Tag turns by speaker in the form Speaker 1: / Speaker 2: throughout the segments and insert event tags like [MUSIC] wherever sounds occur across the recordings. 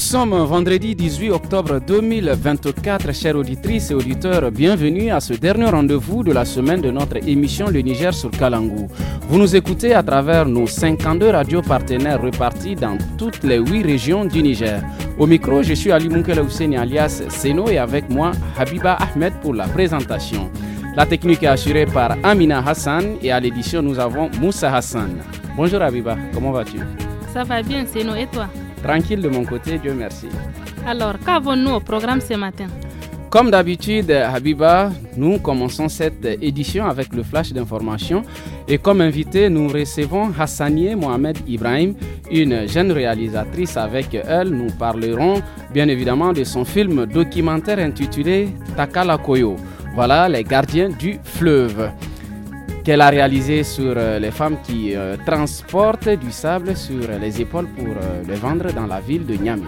Speaker 1: Nous
Speaker 2: sommes vendredi 18 octobre 2024. Chères auditrices et auditeurs, bienvenue à ce dernier rendez-vous de la semaine de notre émission Le Niger sur Kalangou. Vous nous écoutez à travers nos 52 radios partenaires répartis dans toutes les 8 régions du Niger. Au micro, je suis Ali Moukela alias Seno et avec moi Habiba Ahmed pour la présentation. La technique est assurée par Amina Hassan et à l'édition, nous avons Moussa Hassan. Bonjour Habiba, comment vas-tu
Speaker 3: Ça va bien, Seno et toi
Speaker 2: Tranquille de mon côté, Dieu merci.
Speaker 3: Alors, qu'avons-nous au programme ce matin
Speaker 2: comme d'habitude, Habiba, nous commençons cette édition avec le flash d'information et comme invité, nous recevons Hassanier Mohamed Ibrahim, une jeune réalisatrice. Avec elle, nous parlerons bien évidemment de son film documentaire intitulé Takala Koyo. Voilà les gardiens du fleuve qu'elle a réalisé sur euh, les femmes qui euh, transportent du sable sur les épaules pour euh, le vendre dans la ville de Niamey.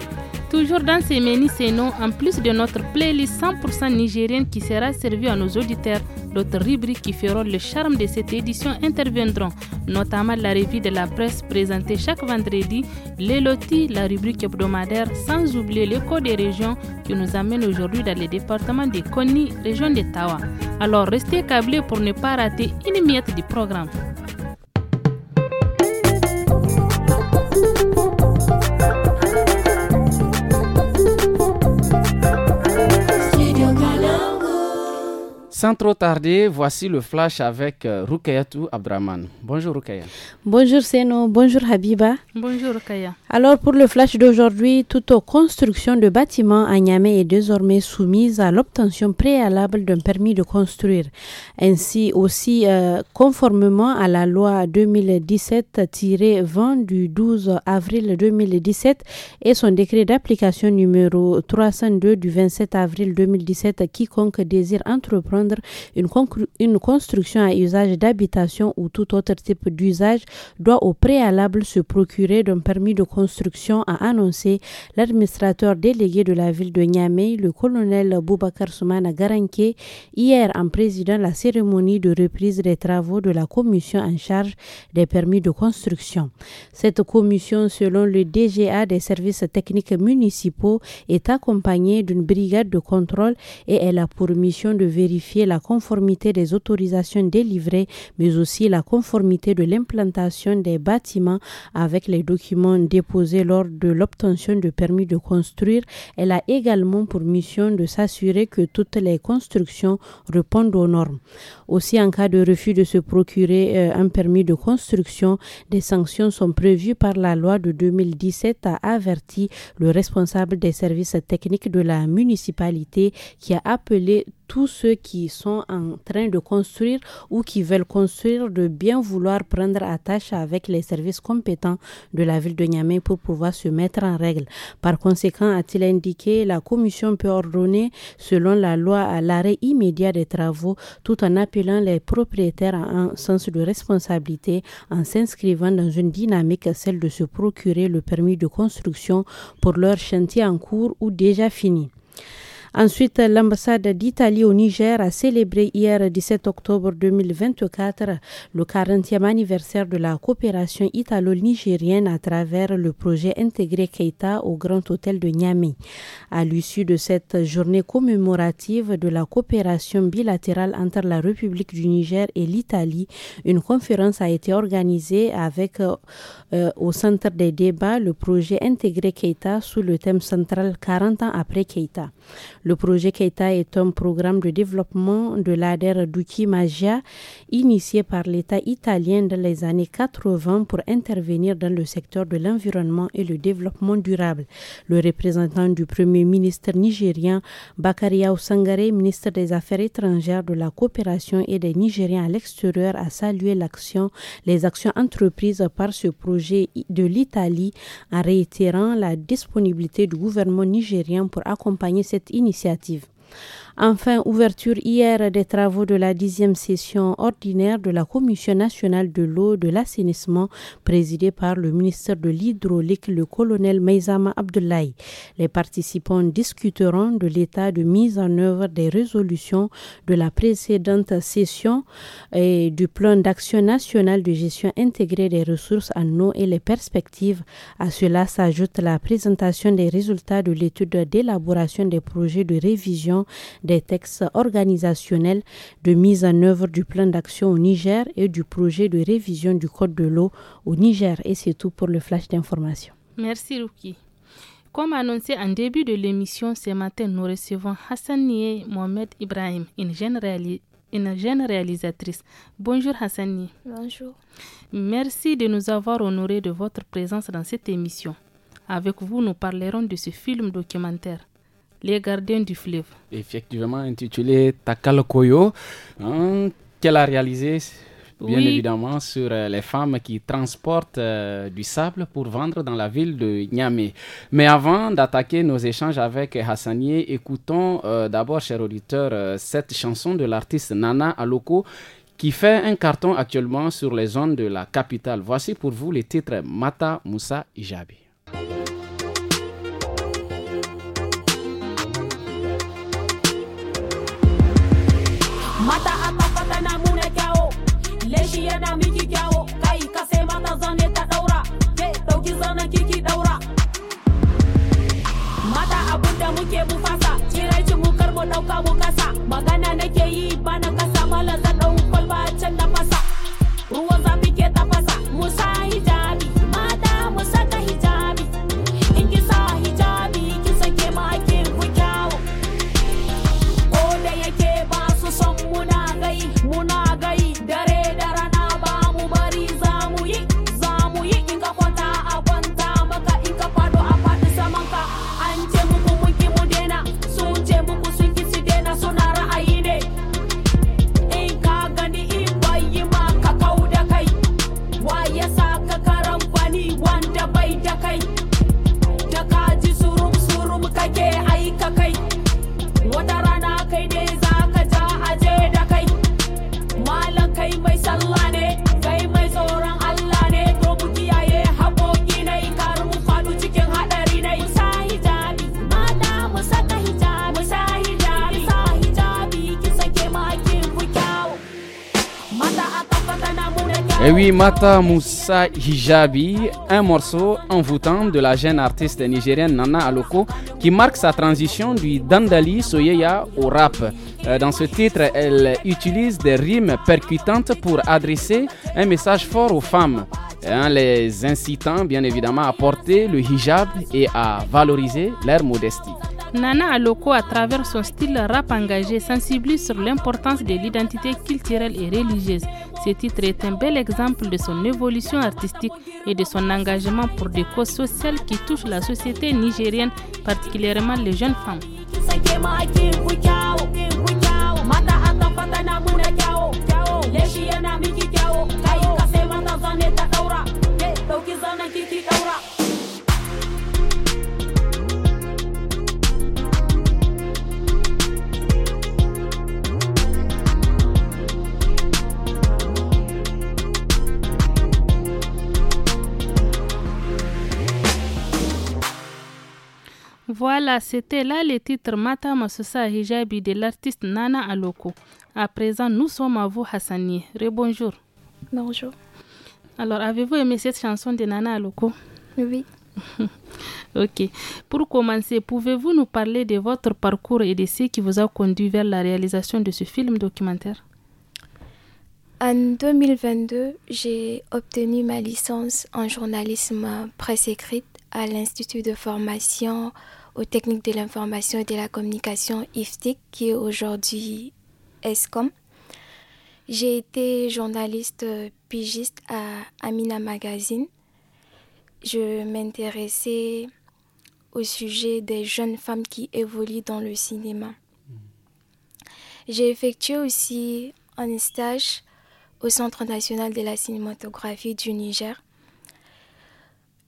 Speaker 3: Toujours dans ces menus, ces noms, en plus de notre playlist 100% nigérienne qui sera servie à nos auditeurs, d'autres rubriques qui feront le charme de cette édition interviendront, notamment la revue de la presse présentée chaque vendredi, les lotis, la rubrique hebdomadaire, sans oublier l'écho des régions qui nous amène aujourd'hui dans les départements de Koni, région de Tawa. Alors restez câblés pour ne pas rater une miette du programme.
Speaker 2: Sans trop tarder, voici le flash avec euh, Rukayatou Abdraman. Bonjour Rukaya.
Speaker 4: Bonjour Seno, bonjour Habiba.
Speaker 3: Bonjour Rukaya.
Speaker 4: Alors pour le flash d'aujourd'hui, toute construction de bâtiments à Niamey est désormais soumise à l'obtention préalable d'un permis de construire. Ainsi aussi, euh, conformément à la loi 2017-20 du 12 avril 2017 et son décret d'application numéro 302 du 27 avril 2017, quiconque désire entreprendre une, une construction à usage d'habitation ou tout autre type d'usage doit au préalable se procurer d'un permis de construire construction, a annoncé l'administrateur délégué de la ville de Niamey, le colonel Boubacar Soumana Garanke, hier en président la cérémonie de reprise des travaux de la commission en charge des permis de construction. Cette commission, selon le DGA des services techniques municipaux, est accompagnée d'une brigade de contrôle et elle a pour mission de vérifier la conformité des autorisations délivrées, mais aussi la conformité de l'implantation des bâtiments avec les documents déposés lors de l'obtention de permis de construire. Elle a également pour mission de s'assurer que toutes les constructions répondent aux normes. Aussi, en cas de refus de se procurer euh, un permis de construction, des sanctions sont prévues par la loi de 2017, a averti le responsable des services techniques de la municipalité qui a appelé tous ceux qui sont en train de construire ou qui veulent construire de bien vouloir prendre attache avec les services compétents de la ville de Niamey pour pouvoir se mettre en règle. Par conséquent, a-t-il indiqué, la commission peut ordonner, selon la loi, à l'arrêt immédiat des travaux tout en appelant les propriétaires à un sens de responsabilité en s'inscrivant dans une dynamique, celle de se procurer le permis de construction pour leur chantier en cours ou déjà fini. Ensuite, l'ambassade d'Italie au Niger a célébré hier 17 octobre 2024 le 40e anniversaire de la coopération italo-nigérienne à travers le projet intégré Keita au Grand Hôtel de Niamey. À l'issue de cette journée commémorative de la coopération bilatérale entre la République du Niger et l'Italie, une conférence a été organisée avec euh, au centre des débats le projet intégré Keita sous le thème central 40 ans après Keita. Le projet Keta est un programme de développement de l'ADER Duki Magia initié par l'État italien dans les années 80 pour intervenir dans le secteur de l'environnement et le développement durable. Le représentant du premier ministre nigérien, Bakaria Sangare, ministre des Affaires étrangères, de la coopération et des Nigériens à l'extérieur, a salué l'action, les actions entreprises par ce projet de l'Italie en réitérant la disponibilité du gouvernement nigérien pour accompagner cette initiative initiative. Enfin, ouverture hier des travaux de la dixième session ordinaire de la Commission nationale de l'eau de l'assainissement présidée par le ministre de l'hydraulique, le colonel Meizama Abdoulaye. Les participants discuteront de l'état de mise en œuvre des résolutions de la précédente session et du plan d'action national de gestion intégrée des ressources en eau et les perspectives. À cela s'ajoute la présentation des résultats de l'étude d'élaboration des projets de révision des textes organisationnels de mise en œuvre du plan d'action au Niger et du projet de révision du Code de l'eau au Niger. Et c'est tout pour le flash d'information.
Speaker 3: Merci Ruki. Comme annoncé en début de l'émission ce matin, nous recevons Hassanie Mohamed Ibrahim, une jeune, réalisatrice. Bonjour Hassanie. Bonjour. Merci de nous avoir honorés de votre présence dans cette émission. Avec vous, nous parlerons de ce film documentaire les gardiens du fleuve.
Speaker 2: Effectivement, intitulé Takalokoyo, hein, qu'elle a réalisé bien évidemment sur euh, les femmes qui transportent euh, du sable pour vendre dans la ville de Niamey. Mais avant d'attaquer nos échanges avec Hassanié, écoutons euh, d'abord, chers auditeurs, cette chanson de l'artiste Nana Aloko qui fait un carton actuellement sur les zones de la capitale. Voici pour vous les titres Mata Moussa Ijabi.
Speaker 5: muke mu fasa tsirarci mu mu ɗauka mu kasa magana nake yi ba na
Speaker 2: Mata Moussa Hijabi, un morceau envoûtant de la jeune artiste nigérienne Nana Aloko qui marque sa transition du Dandali Soyeya au rap. Euh, dans ce titre, elle utilise des rimes percutantes pour adresser un message fort aux femmes, hein, les incitant bien évidemment à porter le hijab et à valoriser leur modestie.
Speaker 3: Nana Aloko, à travers son style rap engagé, sensibilise sur l'importance de l'identité culturelle et religieuse. Ce titre est un bel exemple de son évolution artistique et de son engagement pour des causes sociales qui touchent la société nigérienne, particulièrement les jeunes femmes. Voilà, c'était là le titre Mata Hijabi de l'artiste Nana Aloko. À présent, nous sommes à vous, Hassani. Rebonjour. Bonjour. Alors, avez-vous aimé cette chanson de Nana Aloko Oui. [LAUGHS] ok. Pour commencer, pouvez-vous nous parler de votre parcours et de ce qui vous a conduit vers la réalisation de ce film documentaire
Speaker 6: En 2022, j'ai obtenu ma licence en journalisme presse écrite à l'Institut de formation aux techniques de l'information et de la communication IFTIC, qui est aujourd'hui ESCOM. J'ai été journaliste euh, pigiste à Amina Magazine. Je m'intéressais au sujet des jeunes femmes qui évoluent dans le cinéma. J'ai effectué aussi un stage au Centre national de la cinématographie du Niger.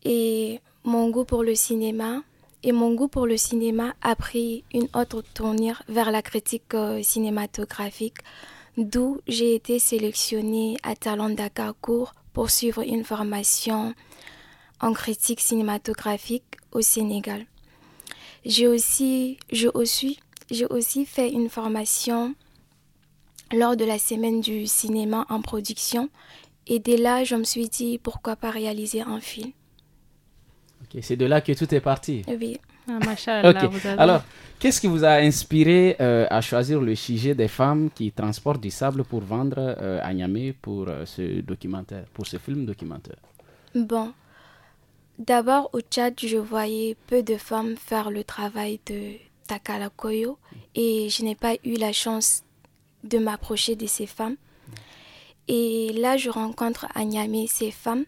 Speaker 6: Et mon goût pour le cinéma et mon goût pour le cinéma a pris une autre tournure vers la critique euh, cinématographique, d'où j'ai été sélectionnée à Talent Dakar pour suivre une formation en critique cinématographique au Sénégal. J'ai aussi, j'ai aussi fait une formation lors de la semaine du cinéma en production et dès là, je me suis dit pourquoi pas réaliser un film
Speaker 2: c'est de là que tout est parti.
Speaker 6: Oui. Ah, vous avez... Alors,
Speaker 2: qu'est-ce qui vous a inspiré euh, à choisir le sujet des femmes qui transportent du sable pour vendre euh, à pour euh, ce documentaire, pour ce film documentaire
Speaker 6: Bon, d'abord au Tchad, je voyais peu de femmes faire le travail de Takalakoyo et je n'ai pas eu la chance de m'approcher de ces femmes. Et là, je rencontre à Niamey ces femmes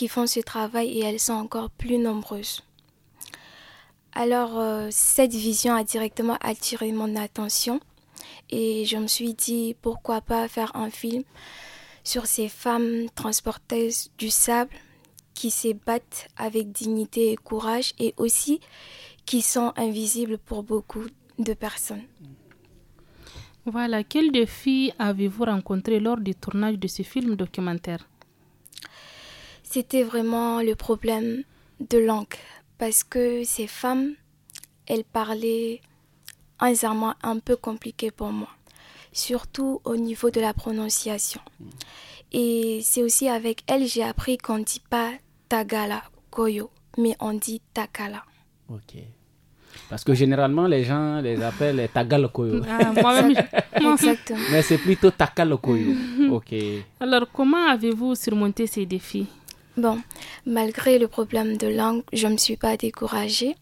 Speaker 6: qui font ce travail et elles sont encore plus nombreuses. Alors, euh, cette vision a directement attiré mon attention et je me suis dit pourquoi pas faire un film sur ces femmes transporteuses du sable qui se battent avec dignité et courage et aussi
Speaker 3: qui sont invisibles pour beaucoup de personnes. Voilà, quel défi avez-vous rencontré lors du tournage de ce film documentaire
Speaker 6: c'était vraiment le problème de langue parce que ces femmes, elles parlaient un un peu compliqué pour moi, surtout au niveau de la prononciation. Et c'est aussi avec elles j'ai appris qu'on ne dit pas Tagala Koyo, mais on dit Takala.
Speaker 2: Ok. Parce que généralement, les gens les appellent tagala koyo ah, moi-même. [LAUGHS] Exactement. Mais c'est plutôt Koyo ok.
Speaker 3: Alors, comment avez-vous surmonté ces défis
Speaker 6: Bon, malgré le problème de langue, je ne me suis pas découragée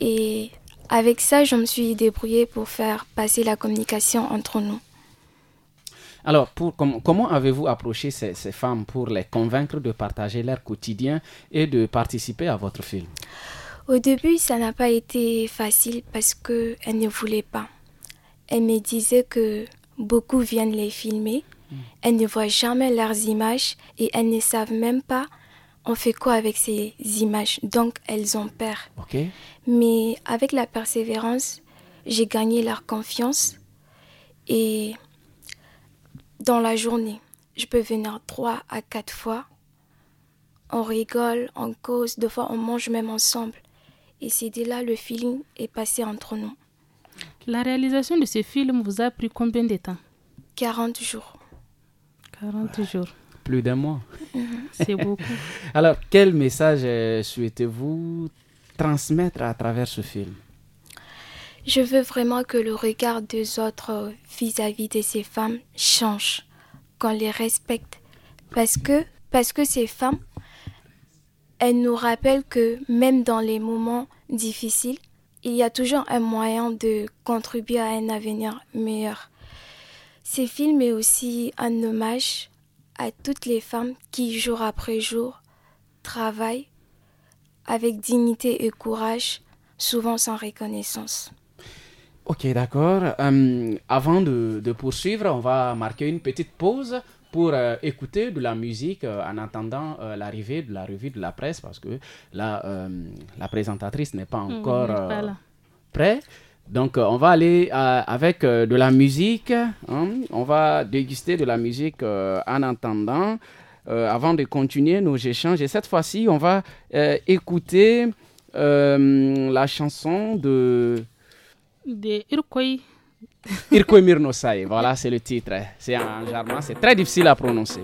Speaker 6: et avec ça, je me suis débrouillée pour faire passer la communication entre nous.
Speaker 2: Alors, pour, comment avez-vous approché ces, ces, femmes pour les convaincre de partager leur quotidien et de participer à votre film
Speaker 6: Au début, ça n'a pas été facile parce qu'elles ne voulaient pas. Elles me disaient que beaucoup viennent les filmer, mmh. elles ne voient jamais leurs images et elles ne savent même pas on fait quoi avec ces images Donc elles ont peur. Mais avec la persévérance, j'ai gagné leur confiance et dans la journée, je peux venir trois à quatre fois. On rigole, on cause, deux fois on mange même ensemble. Et c'est dès là le feeling
Speaker 3: est passé entre nous. La réalisation de ce film vous a pris combien de temps 40 jours. 40 jours
Speaker 2: plus d'un mois. [LAUGHS] C'est beaucoup. Alors, quel message euh, souhaitez-vous transmettre à travers ce film
Speaker 6: Je veux vraiment que le regard des autres vis-à-vis de ces femmes change, qu'on les respecte. Parce que, parce que ces femmes, elles nous rappellent que même dans les moments difficiles, il y a toujours un moyen de contribuer à un avenir meilleur. Ces films est aussi un hommage à toutes les femmes qui, jour après jour, travaillent avec dignité et courage, souvent sans reconnaissance.
Speaker 2: Ok, d'accord. Euh, avant de, poursuivre, on va marquer une petite pause pour euh, écouter de la musique euh, en attendant l'arrivée de la revue de la presse, parce que la présentatrice n'est pas hmm, encore prête. Donc, euh, on va aller euh, avec euh, de la musique. Hein. On va déguster de la musique en attendant, avant de continuer nos échanges, et cette fois-ci, on va écouter la chanson de.
Speaker 3: De Irkoi.
Speaker 2: Irkoi Mirnosai, voilà, c'est le titre. C'est en allemand. c'est très difficile à prononcer.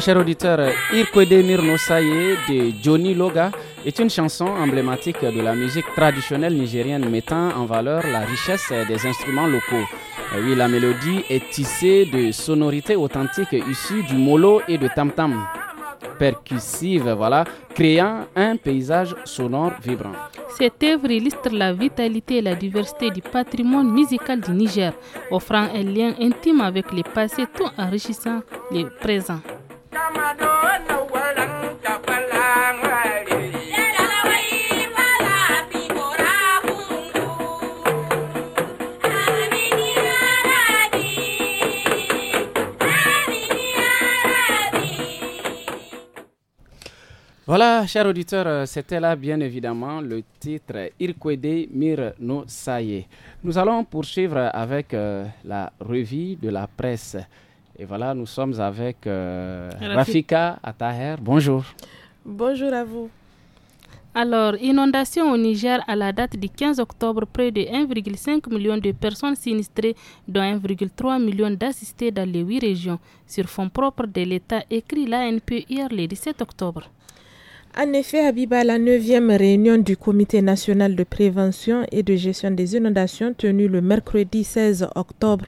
Speaker 2: Cher auditeur, auditeurs, Il de Johnny Loga est une chanson emblématique de la musique traditionnelle nigérienne mettant en valeur la richesse des instruments locaux. Euh, oui, la mélodie est tissée de sonorités authentiques issues du molo et de tam-tam percussive, voilà, créant un paysage sonore vibrant.
Speaker 3: Cette œuvre illustre la vitalité et la diversité du patrimoine musical du Niger, offrant un lien intime avec le passé tout enrichissant le présent.
Speaker 2: Voilà, chers auditeurs, euh, c'était là bien évidemment le titre Irkwede Mir no Saye. Nous allons poursuivre avec euh, la revue de la presse. Et voilà, nous sommes avec euh, Rafika Ataher. Bonjour.
Speaker 3: Bonjour à vous. Alors, inondation au Niger à la date du 15 octobre, près de 1,5 million de personnes sinistrées, dont 1,3 million d'assistés dans les huit régions, sur fonds propres de l'État, écrit l'ANP hier le 17 octobre.
Speaker 7: En effet, Habiba, la neuvième réunion du Comité national de prévention et de gestion des inondations tenue le mercredi 16 octobre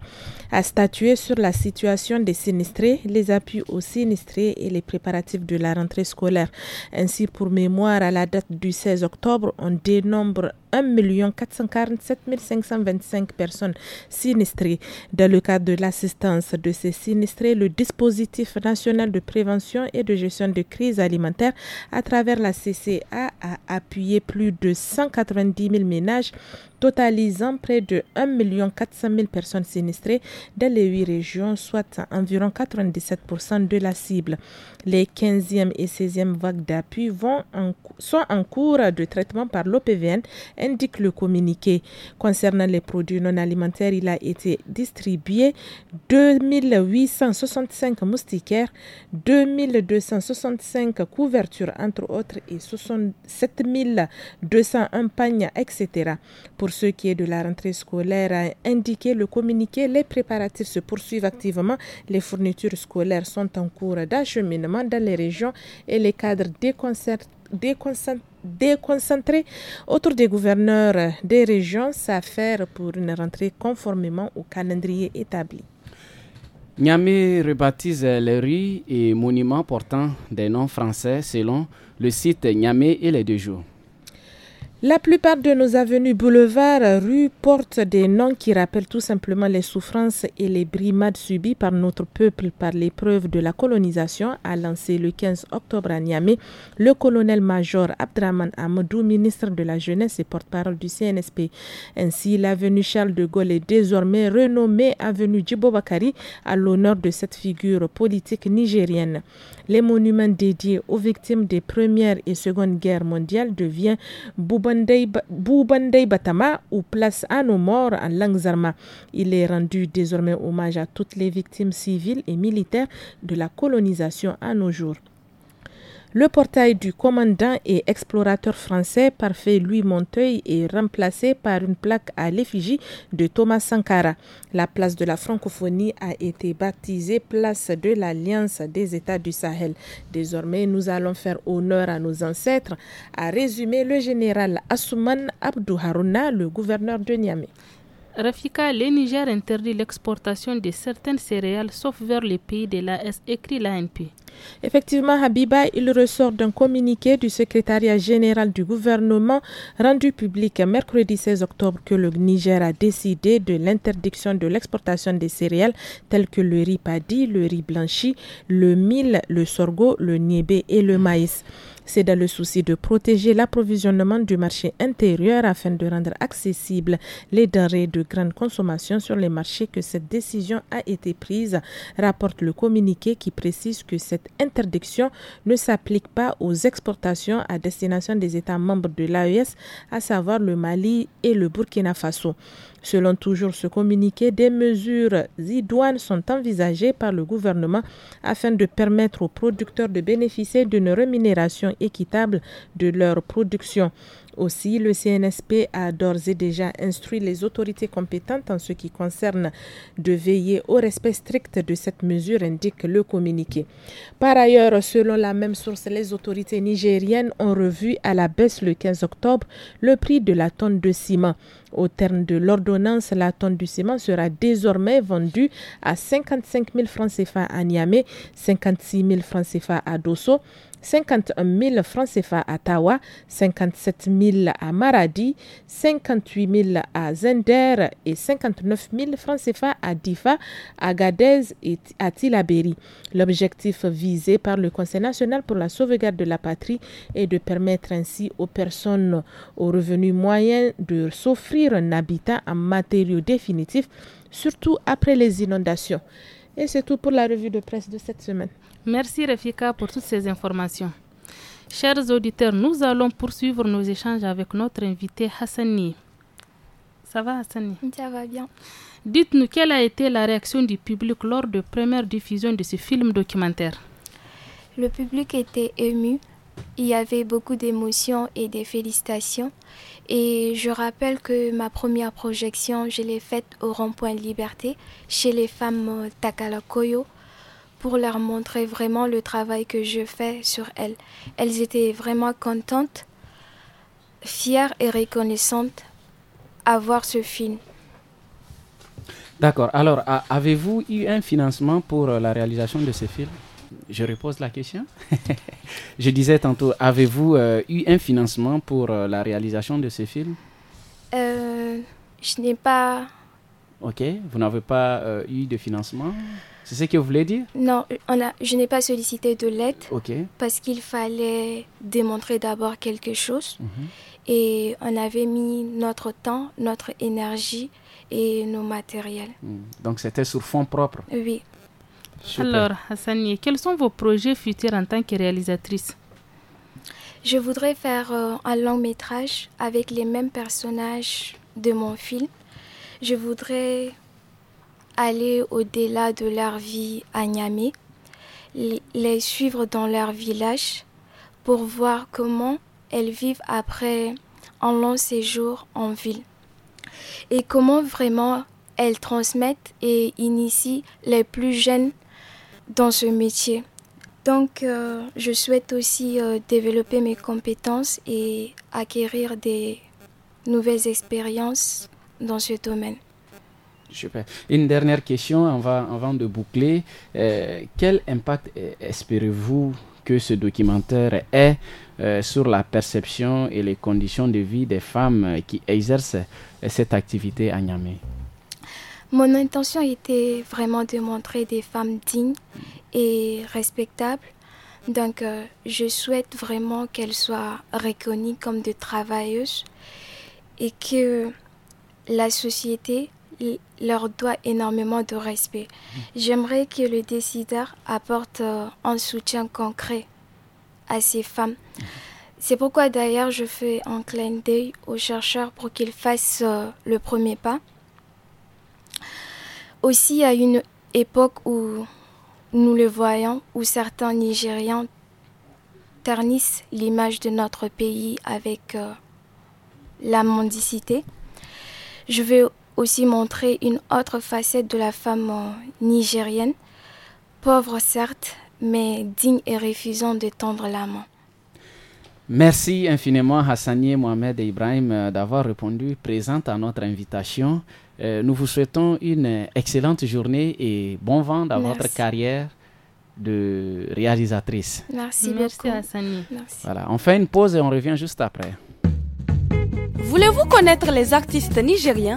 Speaker 7: a statuer sur la situation des sinistrés, les appuis aux sinistrés et les préparatifs de la rentrée scolaire. Ainsi, pour mémoire, à la date du 16 octobre, on dénombre 1 447 525 personnes sinistrées. Dans le cadre de l'assistance de ces sinistrés, le dispositif national de prévention et de gestion de crise alimentaire à travers la CCA a appuyé plus de 190 000 ménages totalisant près de 1 400 000 personnes sinistrées dans les huit régions, soit environ 97% de la cible. Les 15e et 16e vagues d'appui sont en cours de traitement par l'OPVN, indique le communiqué. Concernant les produits non alimentaires, il a été distribué 2865 moustiquaires, 2265 couvertures, entre autres, et 7201 pagnes, etc. Pour ce qui est de la rentrée scolaire, a indiqué le communiqué, les préparatifs se poursuivent activement. Les fournitures scolaires sont en cours d'acheminement dans les régions et les cadres déconcentrés autour des gouverneurs des régions s'affairent pour une rentrée conformément au calendrier établi.
Speaker 2: Niamey rebaptise les rues et monuments portant des noms français selon le site Niamey et les deux jours.
Speaker 7: La plupart de nos avenues, boulevards, rues portent des noms qui rappellent tout simplement les souffrances et les brimades subies par notre peuple par l'épreuve de la colonisation, a lancé le 15 octobre à Niamey le colonel-major Abdraman Amadou, ministre de la Jeunesse et porte-parole du CNSP. Ainsi, l'avenue Charles de Gaulle est désormais renommée avenue Djibobakari à l'honneur de cette figure politique nigérienne. Les monuments dédiés aux victimes des Premières et Secondes Guerres mondiales devient Boubandei Batama ou Place à nos morts en langue Il est rendu désormais hommage à toutes les victimes civiles et militaires de la colonisation à nos jours. Le portail du commandant et explorateur français Parfait Louis Monteuil est remplacé par une plaque à l'effigie de Thomas Sankara. La place de la francophonie a été baptisée place de l'Alliance des États du Sahel. Désormais, nous allons faire honneur à nos ancêtres, a résumé le général Assouman Abdou le gouverneur de Niamey.
Speaker 3: Rafika, le Niger interdit l'exportation de certaines céréales sauf vers les pays de l'AS, écrit l'ANP.
Speaker 7: Effectivement, Habiba, il ressort d'un communiqué du secrétariat général du gouvernement rendu public mercredi 16 octobre que le Niger a décidé de l'interdiction de l'exportation des céréales telles que le riz padi, le riz blanchi, le mil, le sorgho, le niébé et le maïs. C'est dans le souci de protéger l'approvisionnement du marché intérieur afin de rendre accessibles les denrées de grande consommation sur les marchés que cette décision a été prise, rapporte le communiqué qui précise que cette cette interdiction ne s'applique pas aux exportations à destination des États membres de l'AES, à savoir le Mali et le Burkina Faso. Selon toujours ce communiqué, des mesures idoines sont envisagées par le gouvernement afin de permettre aux producteurs de bénéficier d'une rémunération équitable de leur production. Aussi, le CNSP a d'ores et déjà instruit les autorités compétentes en ce qui concerne de veiller au respect strict de cette mesure, indique le communiqué. Par ailleurs, selon la même source, les autorités nigériennes ont revu à la baisse le 15 octobre le prix de la tonne de ciment. Au terme de l'ordonnance, la tonne du ciment sera désormais vendue à 55 000 francs CFA à Niamey, 56 000 francs CFA à Dosso, 51 000 francs CFA à Tawa, 57 000 à Maradi, 58 000 à Zender et 59 000 francs CFA à Difa, à Gadez et à L'objectif visé par le Conseil national pour la sauvegarde de la patrie est de permettre ainsi aux personnes aux revenus moyens de s'offrir un habitat en matériaux définitifs, surtout après les inondations. Et c'est tout pour la revue de presse de cette semaine.
Speaker 3: Merci Refika pour toutes ces informations. Chers auditeurs, nous allons poursuivre nos échanges avec notre invité Hassani. Ça va Hassani Ça va bien. Dites-nous quelle a été la réaction du public lors de première diffusion de ce film documentaire.
Speaker 6: Le public était ému. Il y avait beaucoup d'émotions et des félicitations. Et je rappelle que ma première projection, je l'ai faite au rond-point Liberté chez les femmes Koyo pour leur montrer vraiment le travail que je fais sur elles. Elles étaient vraiment contentes, fières et reconnaissantes à voir ce film.
Speaker 2: D'accord. Alors, avez-vous eu un financement pour euh, la réalisation de ce film Je repose la question. [LAUGHS] je disais tantôt, avez-vous euh, eu un financement pour euh, la réalisation de ce film
Speaker 6: Je n'ai pas...
Speaker 2: Ok, vous n'avez pas eu de financement c'est ce que vous voulez dire
Speaker 6: Non, on a, je n'ai pas sollicité de l'aide parce qu'il fallait démontrer d'abord quelque chose. Mhm. Et on avait mis notre temps, notre
Speaker 3: énergie et nos matériels.
Speaker 2: Mhm. Donc c'était sur fond propre
Speaker 3: Oui. Alors, Hassani, quels sont vos projets futurs en tant que réalisatrice
Speaker 6: Je voudrais faire euh, un long métrage avec les mêmes personnages de mon film. Je voudrais aller au-delà de leur vie à Niamey, les suivre dans leur village pour voir comment elles vivent après un long séjour en ville et comment vraiment elles transmettent et initient les plus jeunes dans ce métier. Donc, euh, je souhaite aussi euh, développer mes compétences et acquérir des nouvelles expériences dans ce domaine.
Speaker 2: Une dernière question avant, avant de boucler. Euh, quel impact euh, espérez-vous que ce documentaire ait euh, sur la perception et les conditions de vie des femmes qui exercent cette activité à Niamey
Speaker 6: Mon intention était vraiment de montrer des femmes dignes et respectables. Donc, je souhaite vraiment qu'elles soient reconnues comme des travailleuses et que la société leur doit énormément de respect. J'aimerais que le décideur apporte euh, un soutien concret à ces femmes. C'est pourquoi d'ailleurs je fais un clin d'œil aux chercheurs pour qu'ils fassent euh, le premier pas. Aussi à une époque où nous le voyons, où certains Nigérians ternissent l'image de notre pays avec euh, la mendicité. Je veux aussi montrer une autre facette de la femme nigérienne, pauvre certes, mais digne et refusant de tendre la main.
Speaker 2: Merci infiniment Hassani Mohamed et Ibrahim euh, d'avoir répondu présente à notre invitation. Euh, nous vous souhaitons une excellente journée et bon vent dans votre carrière de réalisatrice.
Speaker 3: Merci, Merci Hassani.
Speaker 2: Voilà, on fait une pause et on revient juste après.
Speaker 8: Voulez-vous connaître les artistes nigériens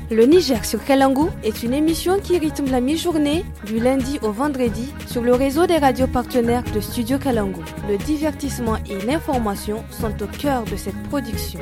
Speaker 8: Le Niger sur Kalangu est une émission qui rythme la mi-journée du lundi au vendredi sur le réseau des radios partenaires de Studio Kalangu. Le divertissement et l'information sont au cœur de cette production.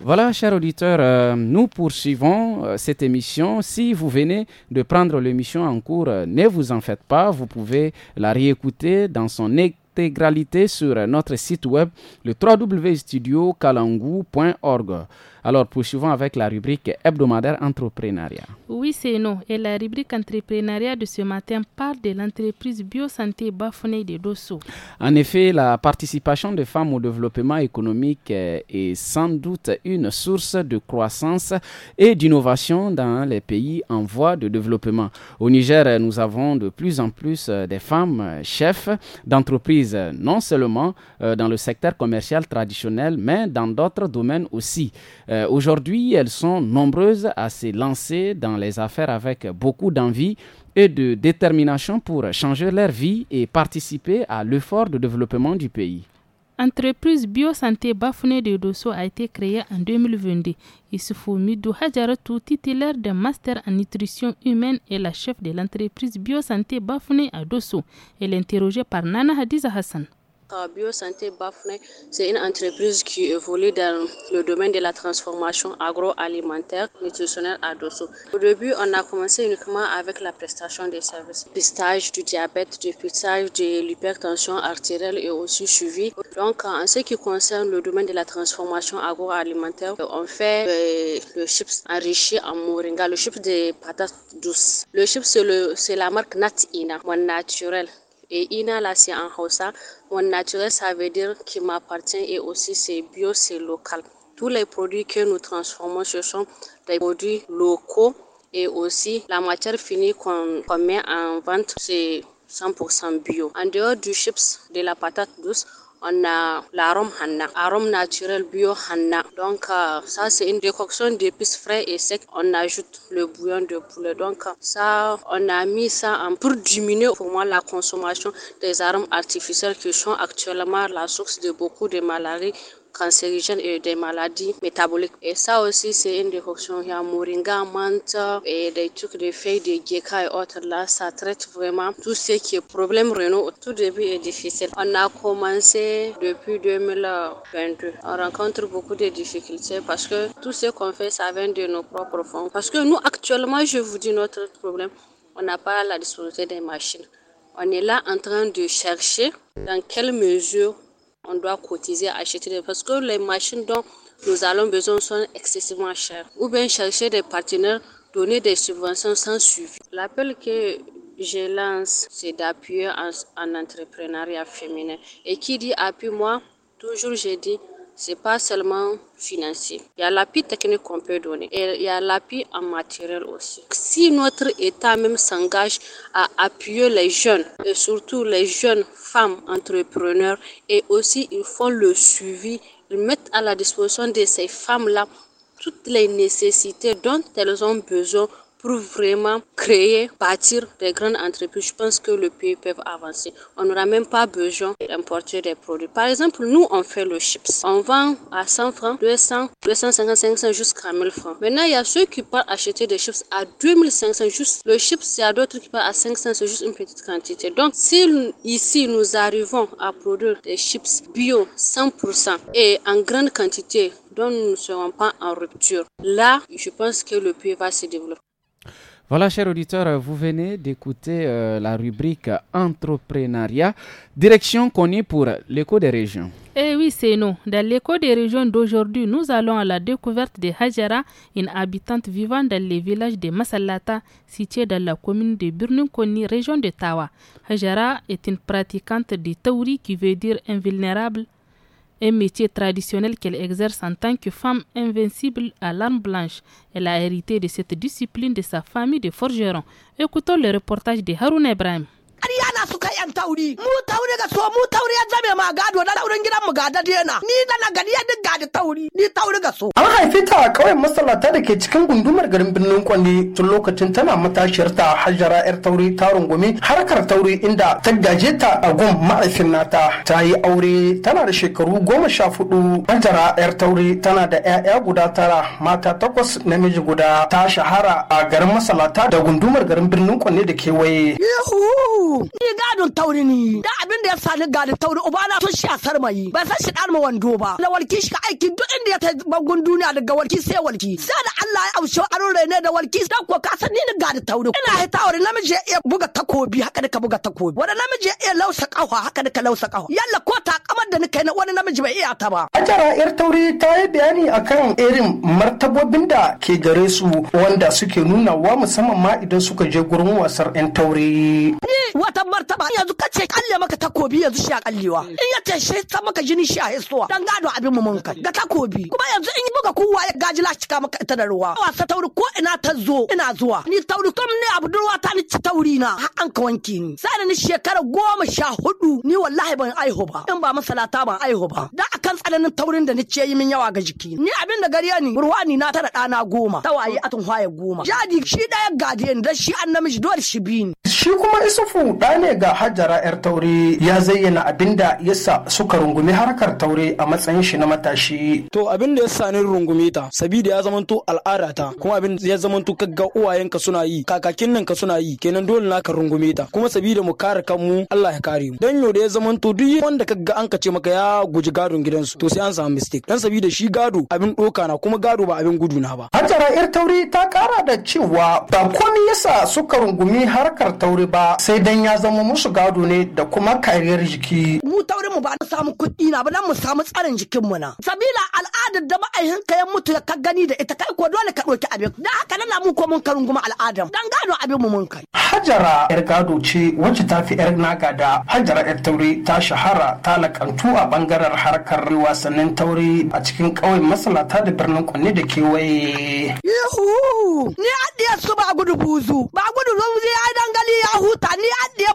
Speaker 2: Voilà, chers auditeurs, euh, nous poursuivons euh, cette émission. Si vous venez de prendre l'émission en cours, euh, ne vous en faites pas, vous pouvez la réécouter dans son équipe intégralité sur notre site web le www.studiokalangu.org. Alors, poursuivons avec la rubrique hebdomadaire entrepreneuriat.
Speaker 3: Oui, c'est nous. Et la rubrique entrepreneuriat de ce matin parle de l'entreprise Biosanté Bafoné de Dosso.
Speaker 2: En effet, la participation des femmes au développement économique est sans doute une source de croissance et d'innovation dans les pays en voie de développement. Au Niger, nous avons de plus en plus des femmes chefs d'entreprise euh, non seulement euh, dans le secteur commercial traditionnel, mais dans d'autres domaines aussi. Euh, aujourd'hui, elles sont nombreuses à se lancer dans les affaires avec beaucoup d'envie et de détermination pour changer leur vie et participer à l'effort de développement du pays.
Speaker 3: Entreprise Biosanté Bafouné de Dosso a été créée en 2022. Issoufou Midou Hajaratou, titulaire d'un master en nutrition humaine, est la chef de l'entreprise Biosanté Bafouné à Dosso. Elle est interrogée par Nana Hadiza Hassan.
Speaker 9: Carbio Santé Bafne, c'est une entreprise qui évolue dans le domaine de la transformation agroalimentaire nutritionnelle à Dosso. Au début, on a commencé uniquement avec la prestation des services de stage du diabète, du pistage de l'hypertension artérielle et aussi suivi. Donc, en ce qui concerne le domaine de la transformation agroalimentaire, on fait euh, le, chips enrichi en moringa, le chips de patates douces. Le chips, c'est la marque Natina, mon naturel et Ina là en Hausa. Mon naturel ça veut dire qui m'appartient et aussi c'est bio, c'est local. Tous les produits que nous transformons ce sont des produits locaux et aussi la matière finie qu'on met en vente c'est 100% bio. En dehors du chips, de la patate douce, on a l'arôme hanna, arôme naturel bio hanna. Donc euh, ça c'est une décoction d'épices frais et secs. On ajoute le bouillon de poulet. Donc ça, on a mis ça en pour diminuer pour moi la consommation des arômes artificiels qui sont actuellement la source de beaucoup de maladies cancérigènes et des maladies métaboliques. Et ça aussi, c'est une décoction. Il y a moringa, menthe et des trucs de feuilles de gecka et autres. Là, ça traite vraiment tout ce qui est problème rénaux. Tout début est difficile. On a commencé depuis 2022. On rencontre beaucoup de difficultés parce que tout ce qu'on fait, ça vient de nos propres fonds. Parce que nous, actuellement, je vous dis notre problème, on n'a pas la disponibilité des machines. On est là en train de chercher dans quelle mesure on doit cotiser, acheter des... Parce que les machines dont nous allons besoin sont excessivement chères. Ou bien chercher des partenaires, donner des subventions sans suivi. L'appel que je lance, c'est d'appuyer en, entrepreneuriat féminin. Et qui dit appuie, moi, toujours j'ai dit c'est pas seulement financier. Il y a l'appui technique qu'on peut donner et il y a l'appui en matériel aussi. Si notre État même s'engage à appuyer les jeunes et surtout les jeunes femmes entrepreneurs et aussi ils font le suivi, ils mettent à la disposition de ces femmes-là toutes les nécessités dont elles ont besoin pour vraiment créer, bâtir des grandes entreprises, je pense que le pays peut avancer. On n'aura même pas besoin d'importer des produits. Par exemple, nous, on fait le chips. On vend à 100 francs, 200, 250, 500 jusqu'à 1000 francs. Maintenant, il y a ceux qui peuvent acheter des chips à 2500 juste. Le chips, il y a d'autres qui peuvent à 500, c'est juste une petite quantité. Donc, si ici, nous arrivons à produire des chips bio 100% et en grande quantité, donc nous ne serons pas en rupture. Là, je pense que le pays va se développer.
Speaker 2: Voilà, chers auditeurs, vous venez d'écouter euh, la rubrique entrepreneuriat, direction connue pour l'écho des régions.
Speaker 3: Eh oui, c'est nous. Dans l'écho des régions d'aujourd'hui, nous allons à la découverte de Hajara, une habitante vivant dans le village de Masalata, situé dans la commune de Burnukoni, région de Tawa. Hajara est une pratiquante de Tauri qui veut dire invulnérable un métier traditionnel qu'elle exerce en tant que femme invincible à l'arme blanche. Elle a hérité de cette discipline de sa famille de forgerons. Écoutons le reportage de Haroun Ibrahim.
Speaker 10: Ana su kai yan tauri mu tauri ga so mu tauri ya zame ma gado na taurin gidan mu gada dena ni da na gari ya duk gadi tauri ni tauri ga so an haifi ta a kauyen
Speaker 11: masallata da ke cikin gundumar garin birnin Kwanne tun lokacin tana matashiyar ta Hajara yar tauri ta rungumi harkar tauri inda ta gaje ta a gun ma'aifin nata ta yi aure tana da shekaru goma sha hudu hajjara yar tauri tana da 'ya'ya guda tara mata takwas namiji guda ta shahara a garin masallata da gundumar garin birnin Kwanne da kewaye.
Speaker 10: Yuhu! ni gadon tauri ni da abin da ya sani gadon tauri ubana tun shi a sarmayi bai san shi dan ma wando ba da walki shi ka aiki duk inda ya ta bangun duniya daga walki sai walki sai da Allah ya aushe aron ne da walki Da ko ka san ni ni gadon tauri ina hita wani namiji ya iya buga takobi haka da ka buga takobi wani namiji ya iya lausa kafa haka da ka lausa kafa yalla ko ta kamar da ni kai na wani namiji bai iya ta ba Hajara yar
Speaker 11: tauri ta yi bayani akan irin martabobin da ke gare su wanda suke wa musamman ma idan suka je gurin wasar yan tauri
Speaker 10: wata martaba yanzu kace kalle maka takobi yanzu shi a kallewa eh. in ya tashe ta maka jini shi a hisuwa dan gado abin mu mun kai ga takobi kuma yanzu in buga kuwa ya gaji cika maka ita da ruwa wasa tauri ko ina ta zo ina zuwa ni tauri tum ne abdurwa ta ni ci tauri na har an ka wanke ni sai ni shekara goma sha hudu ni wallahi ban aiho ba in ba masalata ban aiho ba da akan tsananin taurin da ni ce yi min yawa ga jiki ni abin da gariya ni ruwani na tara dana goma tawaye atun hwaye goma jadi shi daya
Speaker 11: gade ni da shi an namiji dole shi bi ni shi kuma isufu ne ga hajjara 'yar taure ya zayyana abinda da yasa suka rungumi harkar taure a matsayin shi na matashi. To abin da yasa ni rungume ta sabida ya zamanto al'ada ta kuma abin ya zamanto kaga uwayenka suna yi kakakin nan ka suna yi kenan dole na ka rungume ta kuma sabida mu kare kanmu Allah ya kare mu. Dan yau da ya zamanto duk wanda ga an ka ce maka ya guji gadon gidansu to sai an samu mistake dan sabida shi gado abin doka na kuma gado ba abin gudu na ba. Hajjara 'yar taure ta kara da cewa ba komai yasa suka rungumi harkar taure ba sai dan ya zama zama musu gado ne da kuma kariyar
Speaker 10: jiki. Mu taurin mu ba na samu kuɗi na ba mu samu tsarin jikin mu na. Sabila al'adar da ma'aihin ka yan mutu ka gani da ita kai ko dole ka ɗauki abin. Da haka na mu ko mun karin kuma al'adar. Dan gado abin mu mun kai. Hajara
Speaker 11: yar gado ce wacce ta fi yar naga da Hajara yar taure ta shahara ta lakantu a bangaren harkar wasannin taure a cikin ƙauyen masalata da birnin kunne da kewaye.
Speaker 10: Yuhu! Ni adiyar su ba gudu buzu. Ba gudu buzu ya dangali ya huta ni adiyar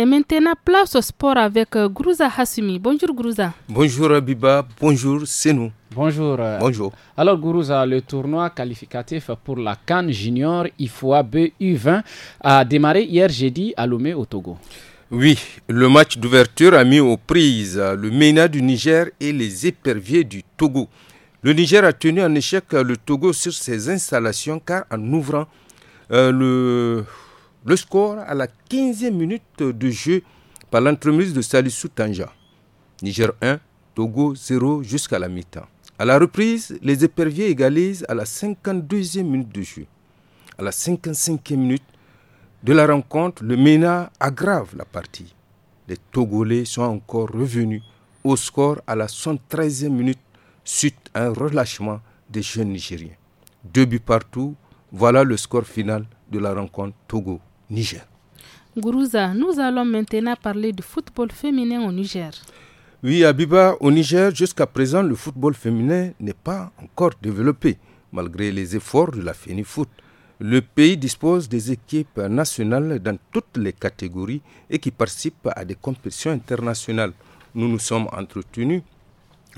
Speaker 3: Et maintenant, place au sport avec euh, Grouza Hassimi. Bonjour Grouza.
Speaker 1: Bonjour Biba, bonjour c'est nous. Bonjour. Bonjour. Alors
Speaker 2: Gourouza, le tournoi qualificatif pour la Cannes Junior IFOA BU20
Speaker 1: a démarré hier jeudi à Lomé au Togo. Oui, le match d'ouverture a mis aux prises le MENA du Niger et les éperviers du Togo. Le Niger a tenu en échec le Togo sur ses installations car en ouvrant euh, le le score à la 15e minute de jeu par l'entremise de Salissou Tanja. Niger 1, Togo 0 jusqu'à la mi-temps. À la reprise, les éperviers égalisent à la 52e minute de jeu. À la 55e minute de la rencontre, le MENA aggrave la partie. Les Togolais sont encore revenus au score à la 113e minute suite à un relâchement des jeunes Nigériens. Deux buts partout, voilà le score final de la rencontre Togo Niger.
Speaker 3: Gourouza, nous allons maintenant parler du football féminin au Niger.
Speaker 1: Oui, Abiba, au Niger, jusqu'à présent, le football féminin n'est pas encore développé, malgré les efforts de la FENIFOOT. Le pays dispose des équipes nationales dans toutes les catégories et qui participent à des compétitions internationales. Nous nous sommes entretenus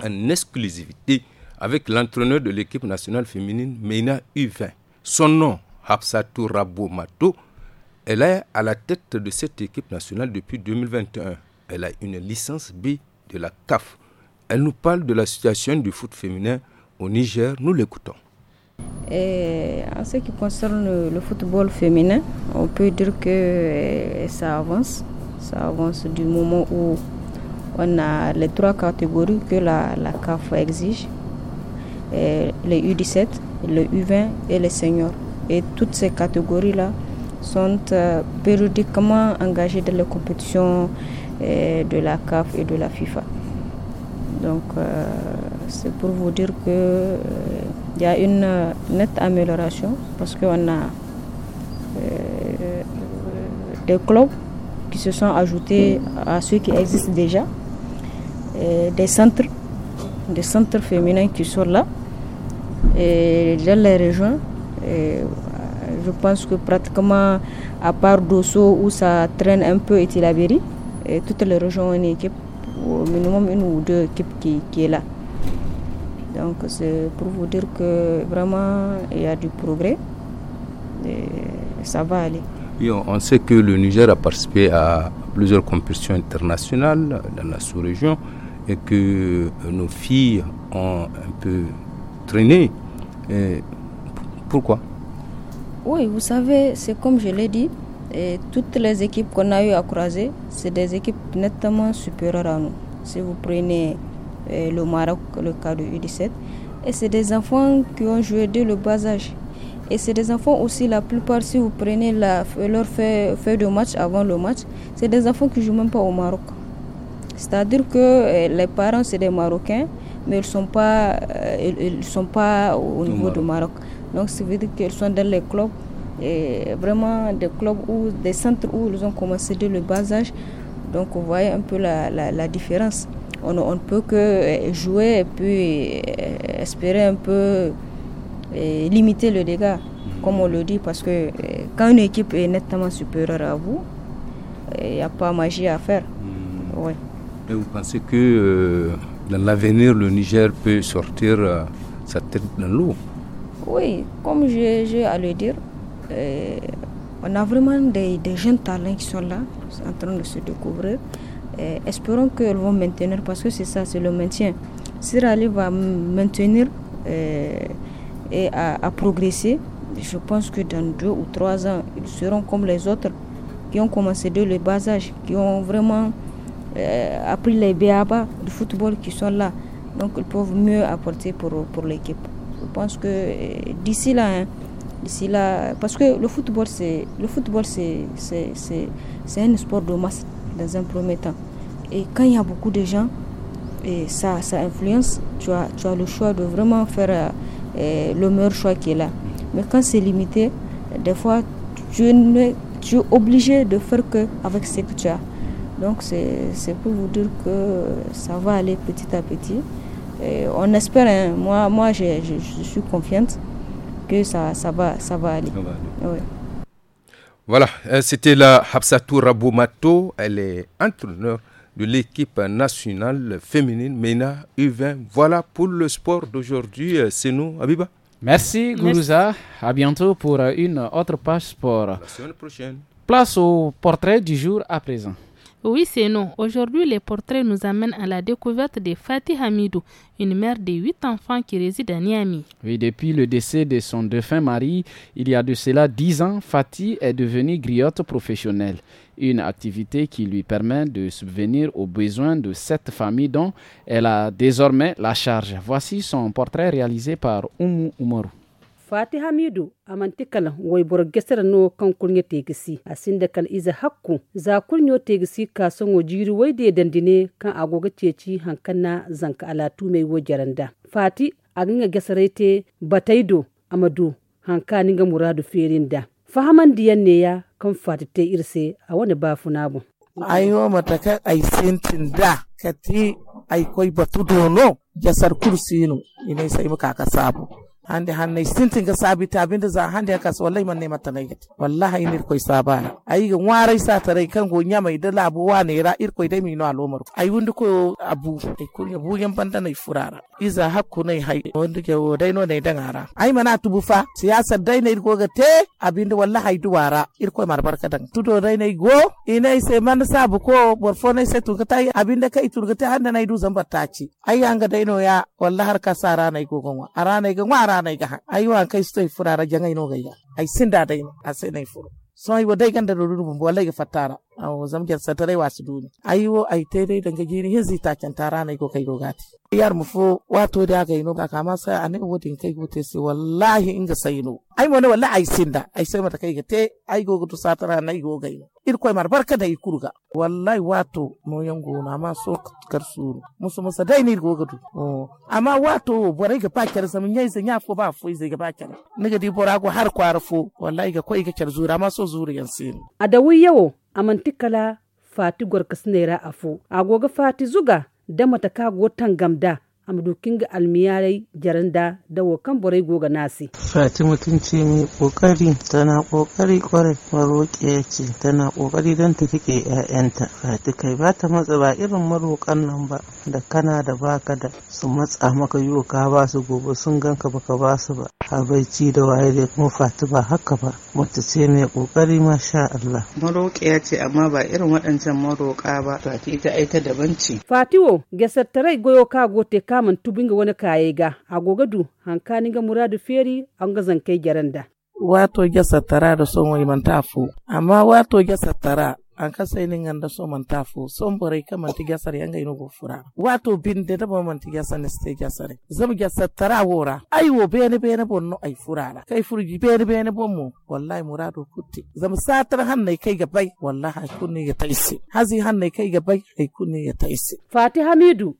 Speaker 1: en exclusivité avec l'entraîneur de l'équipe nationale féminine Meina U20. Son nom, Hapsatou Rabo Mato, elle est à la tête de cette équipe nationale depuis 2021. Elle a une licence B de la CAF. Elle nous parle de la situation du foot féminin au Niger. Nous l'écoutons.
Speaker 12: en ce qui concerne le football féminin, on peut dire que eh, ça avance. Ça avance du moment où on a les trois catégories que la, CAF exige. Eh, les U17, les U20 et les seniors. Et toutes ces catégories-là sont euh, périodiquement engagés dans les compétitions euh, de la CAF et de la FIFA. Donc, euh, c'est pour vous dire que il y a une nette amélioration parce qu'on a des clubs qui se sont ajoutés à ceux qui existent déjà, des centres, des centres féminins qui sont là, et dans les régions. Et je pense que pratiquement, à part Dosso où ça traîne un peu et Tilaberi, et toutes les régions ont une équipe, au minimum une ou deux équipes qui, qui est là. Donc c'est pour vous dire que vraiment il y a du progrès et ça va aller.
Speaker 1: on sait que le Niger a participé à plusieurs compétitions internationales dans la sous-région et que euh, nos filles ont un peu traîné. pourquoi
Speaker 12: oui, vous savez, c'est comme je l'ai dit, et toutes les équipes qu'on a eu à croiser, c'est des équipes nettement supérieures à nous. Si vous prenez euh, le Maroc, le cas de U17, et c'est des enfants qui ont joué dès le bas âge. Et c'est des enfants aussi, la plupart, si vous prenez leur feuille, de match avant le match, c'est des enfants qui ne jouent même pas au Maroc. C'est-à-dire que euh, les parents, c'est des Marocains, mais ils ne sont, pas, euh, ils, sont pas au niveau du Maroc. Donc, ça veut dire qu'ils sont dans les clubs, et vraiment des clubs ou des centres où ils ont commencé dès le bas âge. Donc, vous voyez un peu la, la, différence. On ne peut que euh, jouer et puis euh, espérer un peu euh, limiter le dégât, comme on le dit, parce que quand une équipe est nettement supérieure à vous, il n'y a pas magie à faire.
Speaker 1: Hmm. Et vous pensez que dans l'avenir, le Niger peut sortir sa tête dans l'eau
Speaker 12: oui, comme j'ai à le dire, euh, on a vraiment des, jeunes talents qui sont là, en train de se découvrir. espérons qu'ils vont maintenir, parce que c'est ça, c'est le maintien. Si Rally va maintenir euh, et à, progresser, je pense que dans deux ou trois ans, ils seront comme les autres qui ont commencé dès le bas âge, qui ont vraiment euh, appris les béabas du football qui sont là. Donc ils peuvent mieux apporter pour, pour l'équipe pense que euh, d'ici là, hein, d'ici là, parce que le football, c'est, le football, c'est, c'est, un sport de masse dans un premier temps. Et quand il y a beaucoup de gens, et ça, ça influence, tu as, tu as le choix de vraiment faire euh, euh, le meilleur choix qui est là. Mais quand c'est limité, des fois, tu, tu es obligé de faire que avec ce que tu as. Donc c'est pour vous dire que ça va aller petit à petit on espère, hein. moi, moi je, suis confiante que ça, va, ça va aller.
Speaker 1: Voilà, euh, c'était la Hapsatou Raboumato. Elle est entraîneur de l'équipe nationale féminine MENA U20. Voilà pour le sport d'aujourd'hui. Euh, c'est nous, Abiba. Merci, Gourouza. À bientôt pour euh, une autre page sport. La semaine prochaine.
Speaker 2: Place au portrait du jour à présent.
Speaker 3: Oui, c'est non. Aujourd'hui, les portraits nous amènent à la découverte de Fatih Hamidou, une mère de huit enfants qui réside à Niamey.
Speaker 2: depuis le décès de son défunt mari, il y a de cela dix ans, Fatih est devenue griotte professionnelle. Une activité qui lui permet de subvenir aux besoins de cette famille dont elle a désormais la charge. Voici son portrait réalisé par Oumu
Speaker 13: Oumarou.
Speaker 14: fati hamidu amantikal waibor gasar no kan kurnye tegisi asinda kal iza hakku za kurnyo tegisi ka songo jiri waide dandine kan agoga ceci hankanna zanka alatu mai wajaranda jaranda fati aginga gesarete bataido amadu hanka ga muradu ferinda fahaman diyan ne ya kan
Speaker 15: te irse a wani bafuna bu ayo yi ai sentin da kati ti ai koi batu dono jasar kursinu ina sai muka ka sabu hande ga sabi ta binda za hande so wallahi man mata ne wallahi inir koy sabana ay ga warai sa rai kan gonya mai da labu ne ra ir dai mino lomar ay wundu ko abu ay ya bu yan banda nay furara iza hakku ne hai wanda ke dai no nay dangara ay mana tubu fa siyasa dai nay go ga te abinda wallahi duwara ir mar barka dan tudo dai nay go inai se man sabu ko borfo nay se tunga tai abinda kai tunga tai hande nay du zambar ci ay yanga dai no ya wallahi har kasara nay go gonwa arana ga ngwara anaga ayo aan kaystay furaara janga inogayga ay sindhaadayna ase inay furo so ay wadaygan darururubum walayga fataara o zamger satare wasu duni ayiwo ai dai danga gini ta taken tara na ko kai gogati yar mu fo wato da ga ino kaka ma sai anan wodin kai te sai wallahi inga sai no ai mo ne wallahi ai sinda ai sai mata kai ga te ai gogo to satara na go ga ino ir koy mar barka da ikurga wallahi wato mo yango na ma so kar suru musu musa dai ni go go to amma wato bore ga pakar sam nyai sai ya fo ba fo sai ga pakar ga di bora ko har kwarfo wallahi ga koi ga kyar zura ma so zuri yan sin
Speaker 14: adawi yawo amantikala fati gorka sinera afu agoga fati zuga da mataka gotan gamda amadu ga almiyarai jaranda da wakan borai goga nasi
Speaker 15: fatima tun ce mai kokari tana kokari kwarai maroƙiya
Speaker 14: ce tana kokari don ta rike ƴaƴanta fati kai ba ta matsa ba irin maroƙan nan ba da kana da baka da su matsa maka wa ka ba su gobe sun ganka baka ba su ba habaici da waye da kuma fati ba haka ba wata ce mai kokari masha Allah maroƙiya ce amma ba irin waɗancan maroƙa ba fati ita aita daban ce fatiwo gesattarai goyo ka gote ka kaman tubinga wani kayega agoga du ga muradu
Speaker 15: feri ga zankai da. wato jasa tara da son wani man tafu amma wato jasa tara an kasa yin da so man tafu son borai ka man tigasar yanga yi go fura wato bin da da man tigasar ne ste gasare zama jasa tara wora ai wo bene bene ayi ai la. kai furji bene bene mu? wallahi muradu kuti. zama satar hannai kai gabai wallahi kunni ya taisi hazi hannai kai gabai ai kunni ya taisi fati
Speaker 14: hamidu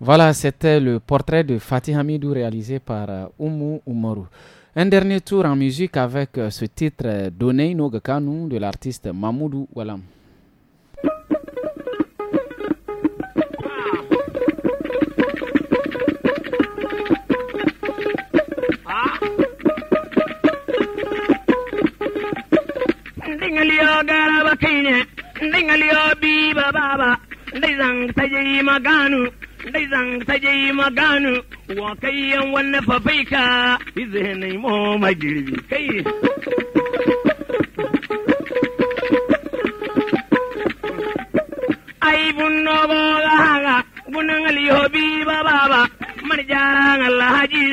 Speaker 2: Voilà, c'était le portrait de Fatih Hamidou réalisé par Umu euh, umoru Un dernier tour en musique avec euh, ce titre Donei Nogakanou de l'artiste Mamoudou Walam.
Speaker 16: ningaliyo garaba kaine ningaliyo biba baba ndai zang tajei maganu ndai zang tajei maganu wa kayan wannan fafaika izhin mo magirbi kai ai bunno boga haga bunangaliyo biba baba marjanga haji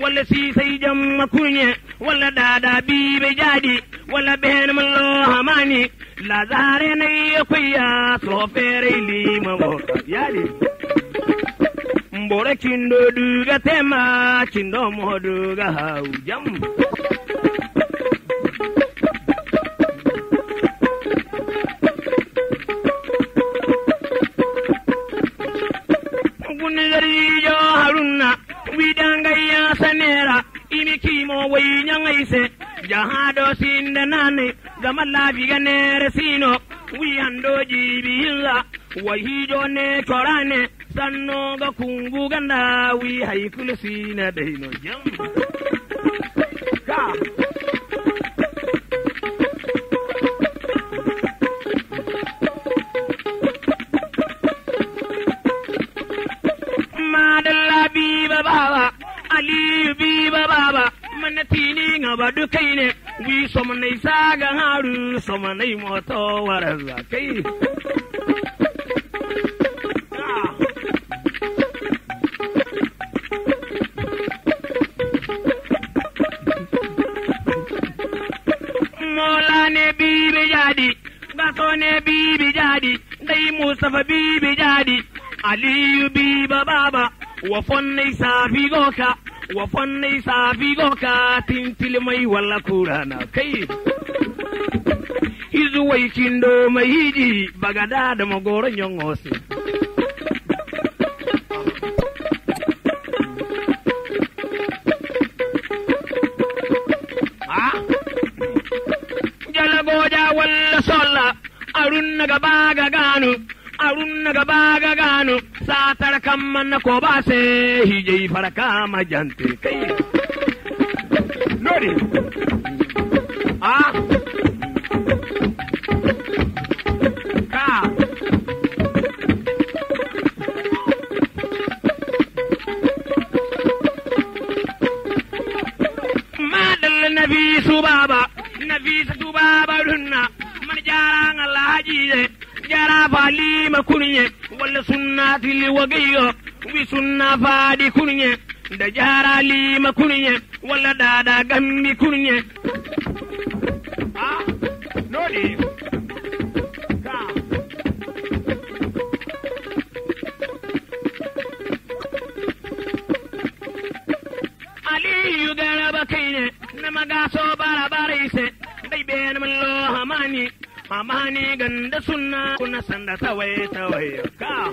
Speaker 16: wala si sai jamma kunye walla ɗaɗa biɓe jaaɗi walla ɓenomallo hamani lasare nayiyo koya sofere limago yaaɗi mboɗo kindo ɗuga tema kindo moɗuga haw jam gunnigarijo harunna wiɗangayasanera imi kimo wayi ñangaise jahaɗo sindanani gama laabiga ando sino wiyando jiibi yilla wahijo ne corane sannoga kunguganda wi haykulu sina ɗeyno jam [LAUGHS] ka gaba dukai ne wi somnai saga haru somnai moto waraza kai Mola ne bibi jadi, baso ne bibi jadi, dai Mustafa bibi jadi, Aliyu biba baba, wafon ne safi goka. wa fonnai sabigo ka tintilmai wala kurana kai wai kindo mai ji bagada da magoro nyongosi jalagoja walla solla arun naga baga ganu arun naga baga ganu Satar कम्मन को बासे ही जे फरका मजंती कई नोडी आ hatil wagiyo wisunna faadi kunye da jara lima kunye wala dada gambi kunye ah, aliyu garaba kaine na magaso ise bai bayan mun lo hamani mamani ganda sunna kuna sanda tawaye tawaye ka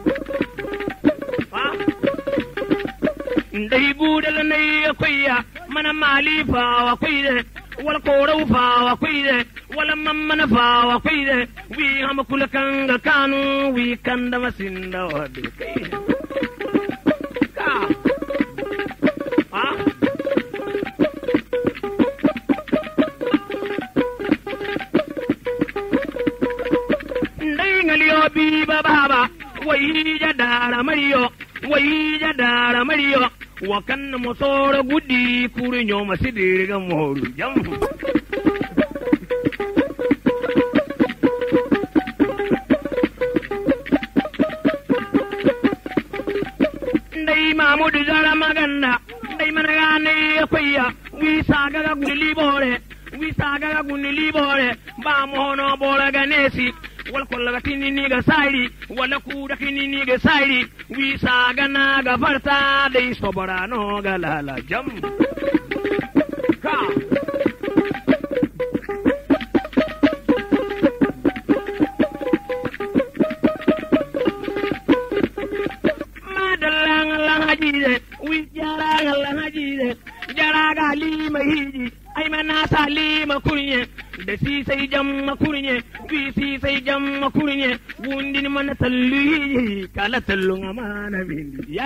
Speaker 16: ndai budala nai akwaiya mana mali fa wa da wal korau fa wa da wal mammana fa wa da wi hama kula kan ga kanu wi kan da masin da wadu bi baba wai da dara mariyo wai da dara mariyo wakanna motoro gudi kuri nyoma sidiri ga mohoru jamu dai mamudu zara maganda dai mana gane kwaya wisa gaga guli libore wisa gaga guli libore ba mohono bora ganesi walkolla ga tinniniga sayri walla kuuɗa kinniniga sayri wi saganaga farta dey soboranoga lala jam ka madallangalangajiɗe wi jarangalangajiɗe jaraga lima hiiji aymana salima kurñe de sisey jamma kurñe ma kurinye wundini mana tallu kala tallu amana min ni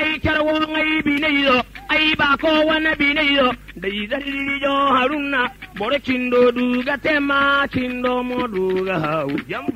Speaker 16: ai charwo ai binayo ai ba ko wana binayo dai zalli jo haruna bore cindo duga tema
Speaker 2: cindo mo duga hau jamu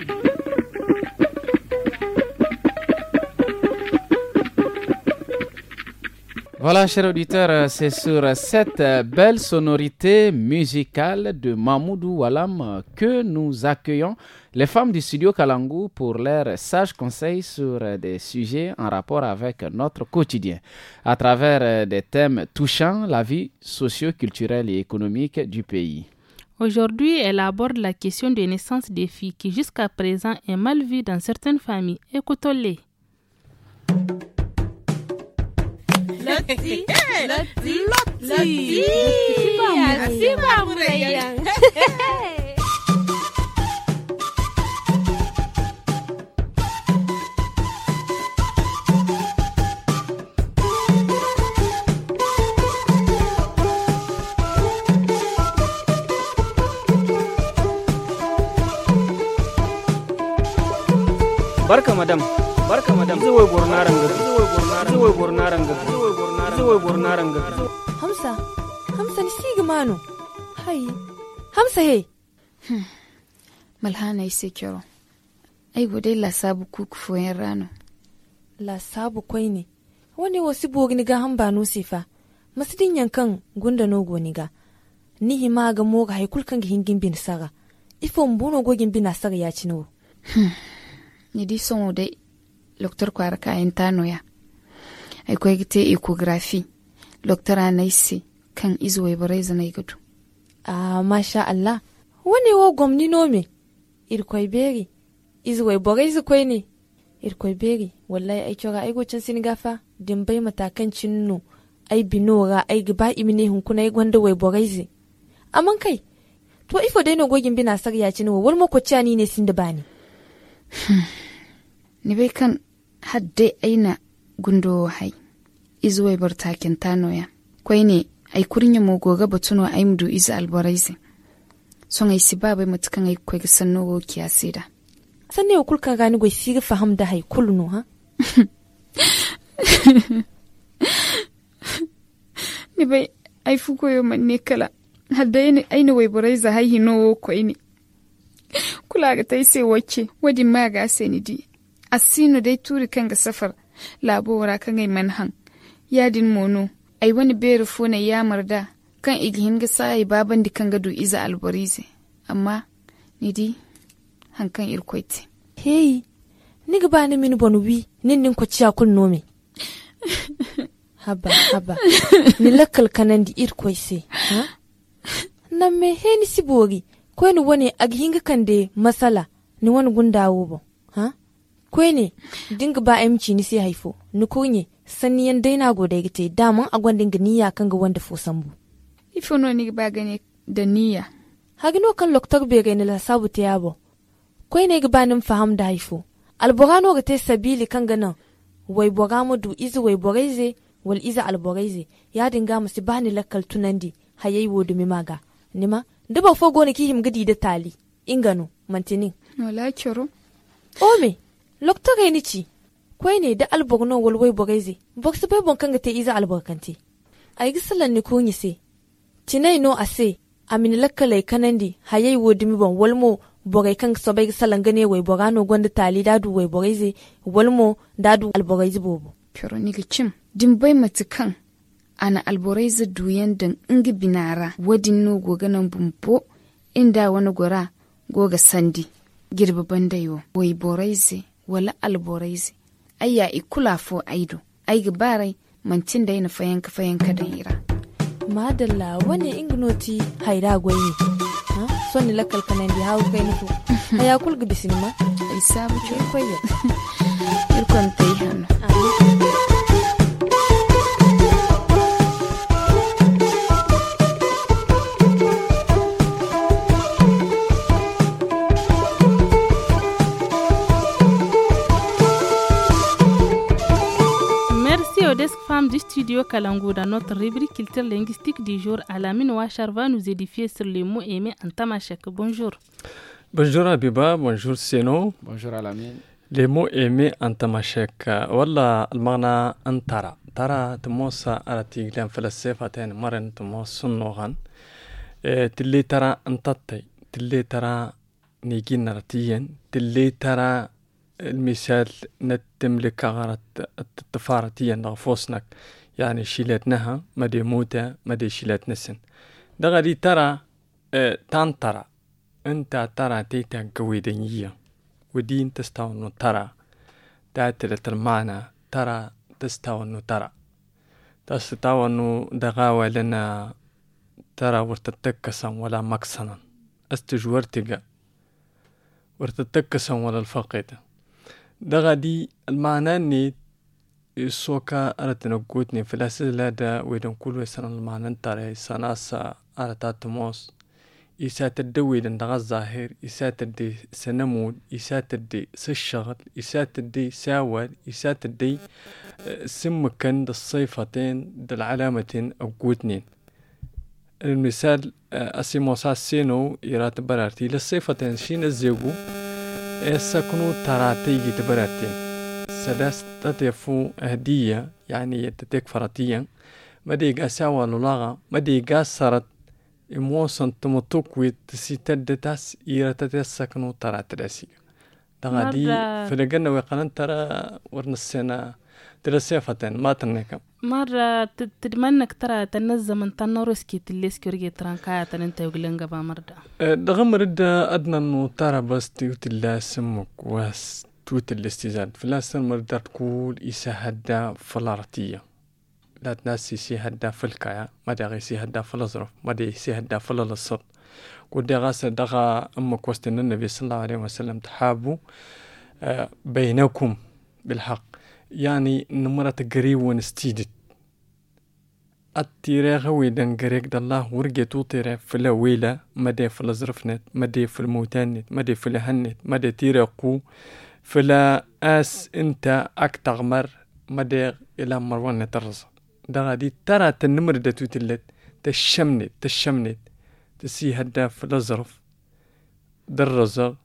Speaker 2: Voilà, chers auditeurs, c'est sur cette belle sonorité musicale de Mahmoudou Walam que nous accueillons les femmes du studio Kalangu pour leurs sages conseils sur des sujets en rapport avec notre quotidien, à travers des thèmes touchant la vie socio-culturelle et économique du pays.
Speaker 3: Aujourd'hui, elle aborde la question de naissance des filles qui jusqu'à présent est mal vue dans certaines familles. Écoutons-les.
Speaker 7: Lottie. Lottie. Lottie. Así vamos,
Speaker 17: Barka madam,
Speaker 11: barka madam, zuwa gurnaran gari. izowai bornaranga izowai bornaranga
Speaker 17: hamsa hamsa ni sigmano hayi hamsa he hmm, malhana ise kiro ai gode la sabu kuku foyen rano
Speaker 8: la sabu
Speaker 17: kwai ne wani wasu bogini ga hamba no sifa
Speaker 8: masidin yankan gunda no ga ni hima ga mo ga haikulkan ga hingin bin saga
Speaker 17: ifo mbuno gogin bin saga ya cino hmm, ni di son dai loktor kwara kayan tano ya ay kuegte ecography loctoranaise kan izuwaibarai zanaigodu ah masha allah wani wo gwamni nome irkoi beri izuwai borai su ne irkoi
Speaker 8: beri wallahi ai kyora ai gocin sin gafa dimbai matakan cinno ai binora ai gaba imine hunkuna ai gwanda wai borai zi amman kai to ifo dai no gogin bina
Speaker 17: sar ya cinwa wal mako ni ne sin da bani hmm. ni bai kan hadde aina gundo hai izuwai bartakin tanoya kwai ne ai kurnya mu goga batuno ai mudu iz alboraisi son ai si babai mutukan ai kwai sanno go kiyasida sanne okul ka gani go siga faham da hai kulnu ha [LAUGHS] ni bai ai fuko yo manne kala hadda ai aini wai boraisi hai hino kwai ne kula ga tai sai wacce wadin ma ga sai ni di asino dai turi kan ga safar laabowra ka ngai manhan yadin mono ai wani beri fona yaamar marda kan igihin ga sai baban di kan gado iza alborize amma ni di hankan irkoite hey ni ga bani min bonu
Speaker 8: wi nin ni ko ciya haba haba ni lakkal kanandi di irkoise ha nan me he ni sibori ko ni wani agihin ga kan de masala ni wani gundawo ba kwene dinga ba emci ni sai haifo ni kunye sanni yan daina ga te daman a gwandin ga niya kan ga wanda fo sambu
Speaker 17: ifo no ni ba gane
Speaker 8: da niyya hagino kan loktar be gane la sabu te yabo kwene ga banin faham da haifo alborano ga te sabili kan ga nan wai boga du izi wai boraize wal iza alboraize ya dinga musu bani lakkal tunandi hayai wodu mi maga nima duba fo gona ki him gidi da tali ingano mantinin wala kiro ome ga ni ci kwai ne da alborno walwai boreze box bai bon kanga te iza albarkante ay gisalan ni kunyi se tinai no ase amin lakkalai kanandi hayai wodimi bon walmo bogai kan so bai gisalan gane wai borano gonda tali dadu wai boreze walmo
Speaker 17: dadu alboreze bobo pironigi cim dimbai matikan ana alboreze duyan dan ingi binara wadin no goganan bumbo inda wani gora goga sandi girbi bandayo wai boreze wala alboraisi ayya ikula kula fo aido ai barai mancin da yana fayanka fayanka da ira
Speaker 8: madalla wani ingnoti
Speaker 17: haira gwaye
Speaker 8: sonni lakal kanan di hawo kai nufu [LAUGHS] aya kulga ma isa sabu ce koyya [LAUGHS] irkon tai hannu
Speaker 3: du studio Kalango dans notre rubrique culture linguistique du jour. mine Ouachar va nous édifier sur les mots aimés en tamashek. Bonjour.
Speaker 13: Bonjour Abiba, bonjour Seno. Bonjour Alamin. Les mots aimés en tamashek. Voilà, المعنى antara. Tara tamosa arati على تيجلان فلسفتين مرن dit Tilletara تلي Tilletara dit تطي. Tilletara المثال نتملك غرات الطفارة تينا فوسنك يعني شيلات نها مدي موتا مدي شيلات نسن ده غادي ترى اه ترى انت ترى تيتا قويدنية ودين تستوى انه ترى تاتل المعنى ترى تستوى انه ترى تستوى انه دغاوة لنا ترى ورتتكسا ولا مكسنا استجورتك ورتتكسا ولا الفقيدة دغدي المعنى نيت سوكا أرتنا قوتني في الأساس لا ويدن كل ويسان المعنى ترى سناسا أرتا تموس إسا تدوي دن دغا الظاهر إسا تدي سنمود إسا تدي سشغل إسا تدي ساوال إسا تدي آه، سمكن دا الصيفتين دا العلامة أقوتني المثال آه، أسيموسا سينو إرات برارتي للصيفتين شين الزيبو إيسا كنو تراتيجي تبراتين سداس تتفو أهدية يعني يتتك فراتيا مدي قاسا لغة مدي قاسرت إموسن تمتوكوي تسيتدتاس إيرتتسا كنو داسي تغادي فلقنا ويقنان ترى ورنسينا ما تنك
Speaker 3: مرة تتمنى كترى تنزم من تنورسكي تلسكي كورجي ترانكاية انت يقلنغا بمرة
Speaker 13: أه، دغم ردا أدنى انو ترى بس تيوت الله سمك واس توت الاستزاد فلا سمر تقول إيسا هدا فلارتية لا تناسي سي هدا فلكايا ما غي سي هدا فلزرف ما دا سي هدا فلالصد ودي غاسة دغا أمك وسط النبي صلى الله عليه وسلم تحابو أه، بينكم بالحق يعني نمرة تجري ونستيجد التيرا غوي دان غريك دالله ورقتو توتيرا فلا ويلا مدى فلا زرفنت مدى فلا الموتانت مدى فلا هنت مدى تيرا قو فلا اس انت اكتغمر مدى الى مروان ترز دا غادي ترى تنمر دا توتلت تشمنت تشمنت تسي هدا فلا زرف درزا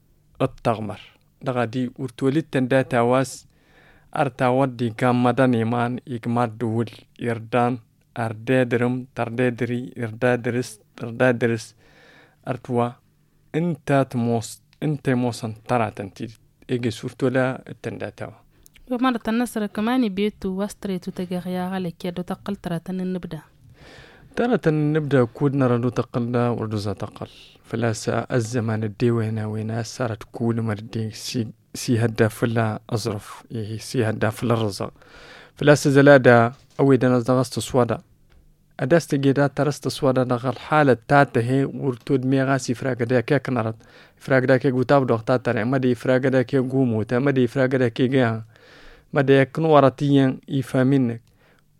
Speaker 13: التغمر دا غادي ورتولت تندا تاواس artawaddi gammadanimaan igmadduwul irdaan ardeedirim tardeediri irdaadiris irdaadiris artuwa intaat moos intay moosan taraatantid ege suurtola tandaatawa
Speaker 3: ومرة النصر كمان بيتو وستريتو تجاغيا عليك يدو تقل ترتن النبدا
Speaker 13: ترتن النبدا كود نرى دو تقلنا وردو تقل فلا سا الزمان الدي وهنا وينا صارت كل مردي سي سيهدا فلا أزرف إيه سيهدا فلا رزق فلا سزلادا أوي دانا دغست سوادا أداست جدا ترست سوادا نغال حالة تاته ورتود ميغاسي فراغ دا كيك نرد فراغ دا كيك دوغتا دوغ ما دي فراغ دا كيك ما دي فراغ دا كيك ما دي يكن وراتيين يفامينك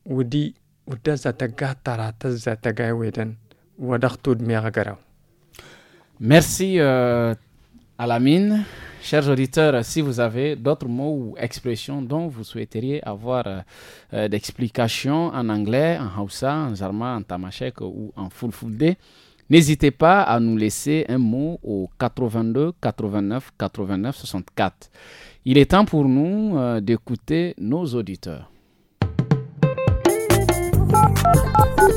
Speaker 13: ودي ودزا تقاه ترى تزا تقاه ويدن ودغتود ميغا Merci euh,
Speaker 2: Alamine. Chers auditeurs, si vous avez d'autres mots ou expressions dont vous souhaiteriez avoir euh, euh, d'explications en anglais, en Hausa, en Zarma, en Tamashek ou en Fulfulde, n'hésitez pas à nous laisser un mot au 82 89 89 64. Il est temps pour nous euh, d'écouter nos auditeurs.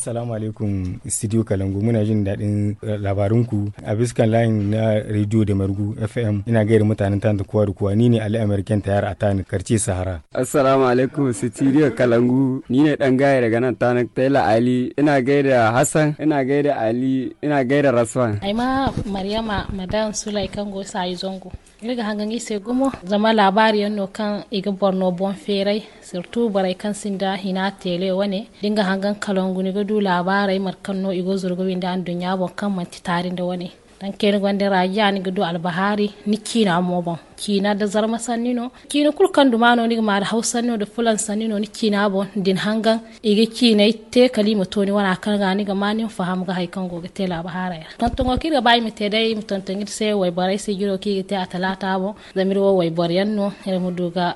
Speaker 11: Assalamu alaikum Studio Kalangu muna jin daɗin labarunku a biskan layin na rediyo da margu FM ina gaira mutanen tanta kuwa da kuwa ni ne Ali American tayar a tani karce Sahara.
Speaker 2: Assalamu alaikum Studio Kalangu ni ne dan gaya daga nan tani Taylor Ali ina gaida Hassan ina gaida Ali ina gaida Raswan.
Speaker 3: Aima Maryama Madan Sulaikan Gosa Zongo. Liga hangan ise gumo zama labari yano kan iga borno bon ferai surtout barai kan sinda hina tele wane dinga hangan kalongu ni du labarai markano igo zurgo winda an dunya bon kan manti tari da wane dan ken gonde rajani gudu albahari ni kina moban kina da zarma sannino kina kul kan no ni ma da no da fulan sannino ni kina bon din hangan ige kina itte kalima toni wana kan ga ni ga manin faham ga haikan go ga te bahara ya kan to ngokir ga bai mete dai mutan tangir se way barai se jiro ki te talata bo zamiro wai baryanno ere muduga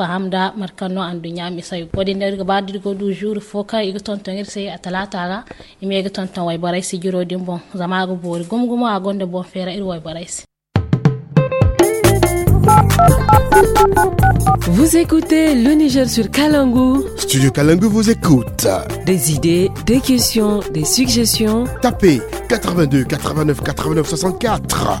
Speaker 3: famda markanno andu ñami sawi kodi nder ga badirgo du jour foka ka ton ton sey a talataga imi iga ton ton way baray si juro bon zamago bori gum gumo a gonde bon fera ir way baray si Vous écoutez le Niger sur Kalangu.
Speaker 2: Studio Kalangu vous écoute.
Speaker 3: Des
Speaker 8: idées,
Speaker 2: des questions, des suggestions. Tapez 82 89 89 64.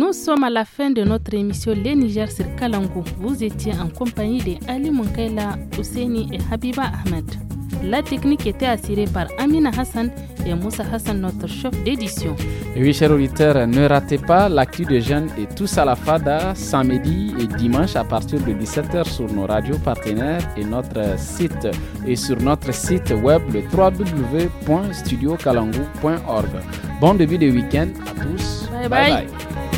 Speaker 3: Nous sommes à la fin de notre émission Les Niger sur Kalangou. Vous étiez en compagnie de Ali Munkaila, Ouseni et Habiba Ahmed. La technique était assurée par Amina Hassan et Moussa Hassan, notre chef d'édition.
Speaker 2: Oui, chers auditeurs, ne ratez pas l'actu de jeunes et tous à la FADA samedi et dimanche à partir de 17h sur nos radios partenaires et notre site et sur notre site web le www.studiocalangou.org. Bon début de week-end à tous. bye. bye.